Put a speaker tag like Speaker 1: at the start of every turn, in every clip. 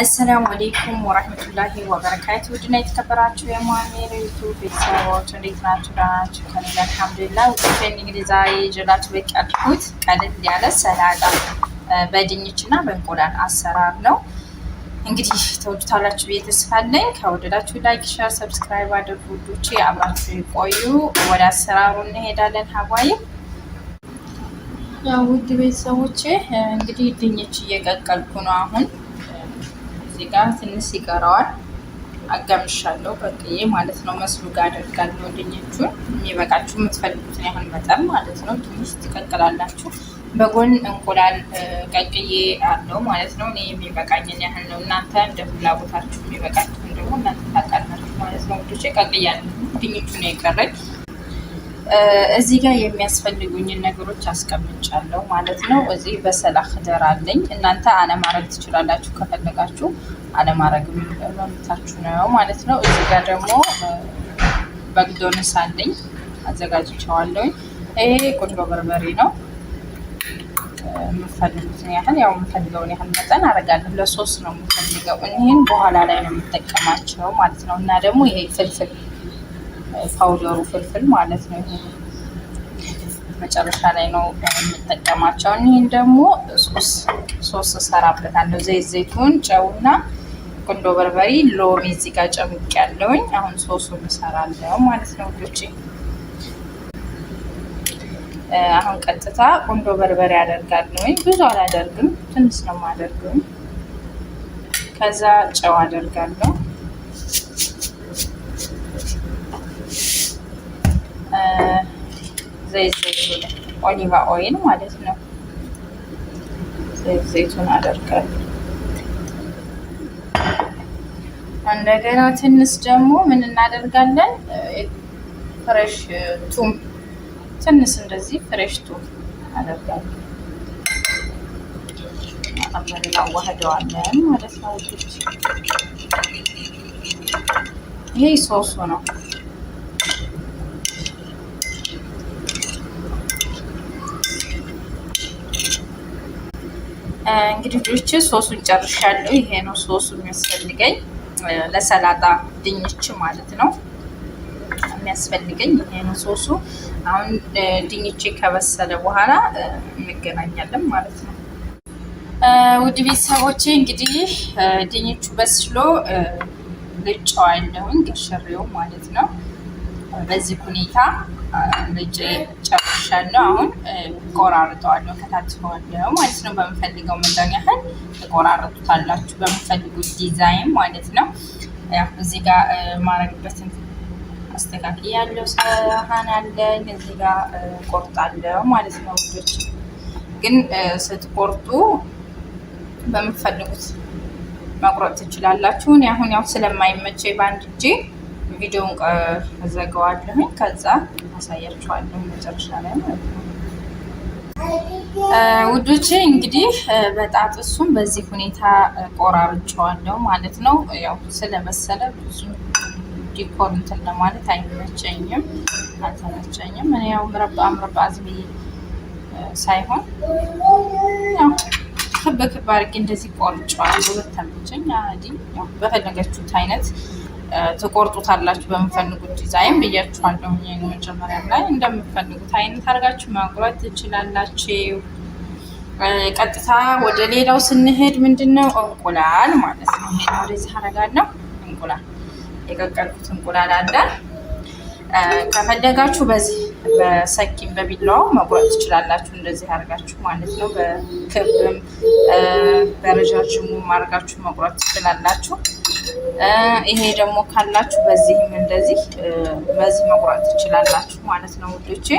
Speaker 1: አሰላሙ አሌይኩም ወረህመቱላሂ ወበረካቱ። ውድና የተከበራችሁ የሙአሚር ዩቱብ ቤተሰቦች እንዴት ናችሁ? ደህና ናችሁ? ከእኔ ጋር አልሐምዱሊላህ። ውድን እንግዲህ ዛሬ ይዤላችሁ ብቅ ያልኩት ቀለል ያለ ሰላጣ በድንች እና በእንቁላል አሰራር ነው። እንግዲህ ተወዱታላችሁ ብዬ ተስፋ አለኝ። ከወደዳችሁ ላይክ፣ ሸር፣ ሰብስክራይብ አድርጉ። ውዶቼ አብራችሁ ይቆዩ። ወደ አሰራሩ እንሄዳለን። ሀዋይ ውድ ቤተሰቦቼ እንግዲህ ድንች እየቀቀልኩ ነው አሁን እዚህ ጋር ትንሽ ይቀረዋል። አጋምሻለሁ በቅዬ ማለት ነው። መስሉ ጋር አደርጋለሁ። ድንቹን የሚበቃችሁ የምትፈልጉትን ያህል መጠን ማለት ነው። ትንሽ ትቀቅላላችሁ። በጎን እንቁላል ቀቅዬ አለው ማለት ነው። እኔ የሚበቃኝን ያህል ነው። እናንተ እንደ ፍላጎታችሁ የሚበቃችሁን ደግሞ እናንተ ታውቃላችሁ ማለት ነው። ወዶቼ ቀቅያለሁ። ድንቹ ነው የቀረኝ እዚህ ጋር የሚያስፈልጉኝን ነገሮች አስቀምጫለሁ ማለት ነው። እዚህ በሰላ ክደር አለኝ። እናንተ አለማድረግ ትችላላችሁ ከፈለጋችሁ፣ አለማድረግ መብታችሁ ነው ማለት ነው። እዚህ ጋር ደግሞ በግዶንስ አለኝ አዘጋጅቸዋለሁኝ። ይሄ ቁንዶ በርበሬ ነው። የምፈልጉትን ያህል ያው የምፈልገውን ያህል መጠን አደርጋለሁ። ለሶስት ነው የምፈልገው። እኒህን በኋላ ላይ ነው የምጠቀማቸው ማለት ነው። እና ደግሞ ይሄ ፍልፍል ፓውደሩ ፍልፍል ማለት ነው። መጨረሻ ላይ ነው የምጠቀማቸው። ይህን ደግሞ ሶስ እሰራበታለሁ። ዘይት ዘይቱን፣ ጨውና ቁንዶ በርበሪ ሎሚ እዚህ ጋር ጨምቅ ያለውኝ። አሁን ሶሱን እሰራለሁ ማለት ነው ውዶቼ። አሁን ቀጥታ ቁንዶ በርበሬ አደርጋለሁኝ። ብዙ አላደርግም፣ ትንሽ ነው ማደርግም። ከዛ ጨው አደርጋለሁ ነው። ዘይት ዘይቱን ኦሊቫ ኦይል ማለት ነው። ዘይት ዘይቱን አደርጋለሁ። እንደገና ትንሽ ደግሞ ምን እናደርጋለን? ፍሬሽ ቱም ትንሽ እንደዚህ ፍሬሽ ቱም አደርጋለሁ። እናዋህደዋለን ማለት ነው። ይሄ ሶሱ ነው። እንግዲህ ልጆች ሶሱን ጨርሻለሁ። ይሄ ነው ሶሱ የሚያስፈልገኝ ለሰላጣ ድንች ማለት ነው የሚያስፈልገኝ ይሄ ነው ሶሱ። አሁን ድኝቼ ከበሰለ በኋላ እንገናኛለን ማለት ነው። ውድ ቤተሰቦቼ እንግዲህ ድንቹ በስሎ ልጨዋለሁኝ ገሸሬው ማለት ነው በዚህ ሁኔታ ልጭ ጨርሻለሁ። አሁን ከታች ከታችኋለሁ ማለት ነው። በምፈልገው መንዳን ያህል ተቆራረጡታላችሁ በምፈልጉት ዲዛይን ማለት ነው። እዚህ ጋር ማረግበትን አስተካክል ያለው ሰሀን አለኝ እዚህ ጋር ቆርጣለሁ ማለት ነው። ውዶች ግን ስትቆርጡ በምፈልጉት መቁረጥ ትችላላችሁ። አሁን ያው ስለማይመቸኝ በአንድ እጄ ቪዲዮውን ዘጋዋለሁኝ ከዛ አሳያችኋለሁ መጨረሻ ላይ ማለት ነው። ውዶቼ እንግዲህ በጣጥሱም በዚህ ሁኔታ ቆራርቸዋለሁ ማለት ነው። ያው ስለበሰለ ብዙ ዲኮር እንትን ለማለት አይመቸኝም፣ አልተመቸኝም። እኔ ያው ምረባ ምረባ አዝቢ ሳይሆን ክብ ክብ አድርጌ እንደዚህ ቆርጬዋለሁ። በተመቸኝ በፈለገችሁት አይነት ትቆርጡታላችሁ በምፈልጉት ዲዛይን ብያችኋለሁ። መጀመሪያ ላይ እንደምፈልጉት አይነት አድርጋችሁ መቁረጥ ትችላላችሁ። ቀጥታ ወደ ሌላው ስንሄድ ምንድን ነው እንቁላል ማለት ነው። ወደዚህ አደርጋለሁ። እንቁላል የቀቀልኩት እንቁላል አለ። ከፈለጋችሁ በዚህ በሰኪም በቢላው መቁረጥ ትችላላችሁ። እንደዚህ አድርጋችሁ ማለት ነው። በክብም በረጃጅሙ አድርጋችሁ መቁረጥ ትችላላችሁ። ይሄ ደግሞ ካላችሁ በዚህም እንደዚህ በዚህ መቁረጥ ትችላላችሁ ማለት ነው ውዶቼ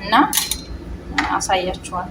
Speaker 1: እና አሳያችኋል።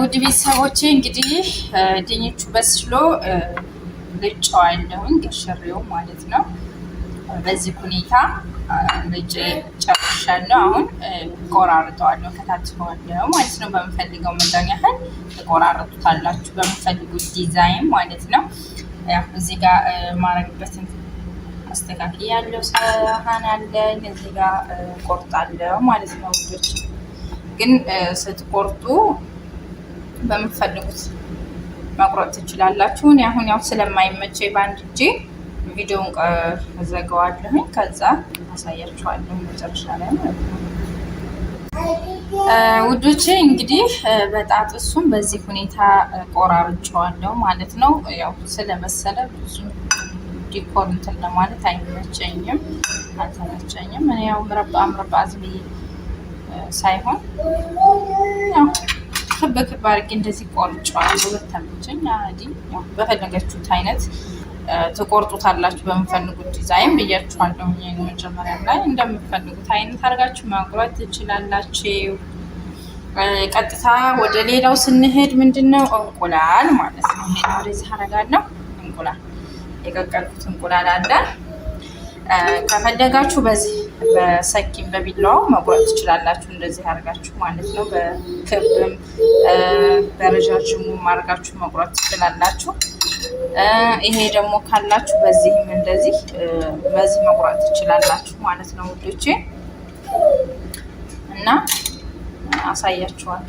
Speaker 1: ውድ ቤተሰቦቼ እንግዲህ ድንቹ በስሎ ልጨዋለሁኝ ገሸሬው ማለት ነው። በዚህ ሁኔታ ልጭ ጨርሻለሁ። አሁን ቆራርጠዋለሁ፣ ከታትፈዋለሁ ማለት ነው። በምፈልገው መጠን ያህል ተቆራርጡታላችሁ፣ በምፈልጉት ዲዛይን ማለት ነው። እዚህ ጋር ማረግበትን አስተካክል ያለው ሰሀን አለኝ። እዚህ ጋር ቆርጣለሁ ማለት ነው። ግን ስትቆርጡ በምትፈልጉት መቁረጥ ትችላላችሁ። እኔ አሁን ያው ስለማይመቸ በአንድ እጄ ቪዲዮን ዘጋዋለሁኝ። ከዛ አሳያችኋለሁ መጨረሻ ላይ ማለት ነው። ውዶች እንግዲህ በጣት እሱም በዚህ ሁኔታ ቆራርጬዋለሁ ማለት ነው። ያው ስለበሰለ ብዙ ዲኮር እንትን ለማለት አይመቸኝም፣ አልተመቸኝም። እኔ ያው ምረባ ምረባ ዝብ ሳይሆን ያው ክብ አድርጌ እንደዚህ ቆርጬዋለሁ። በተመቸኝ በፈለገችሁት አይነት ትቆርጡታላችሁ በምፈልጉት ዲዛይን ብያችኋለሁ። መጀመሪያ ላይ እንደምፈልጉት አይነት አድርጋችሁ ማቁረጥ ትችላላችሁ። ቀጥታ ወደ ሌላው ስንሄድ ምንድን ነው እንቁላል ማለት ነው። ወደዚህ አደርጋለሁ። እንቁላል የቀቀልኩት እንቁላል አለ ከፈለጋችሁ በዚህ በሰኪም በቢላዋው መቁረጥ ትችላላችሁ። እንደዚህ አድርጋችሁ ማለት ነው። በክብም በረዣዥሙም አድርጋችሁ መቁረጥ ትችላላችሁ። ይሄ ደግሞ ካላችሁ በዚህም እንደዚህ በዚህ መቁረጥ ትችላላችሁ ማለት ነው ውዶቼ እና አሳያችኋል።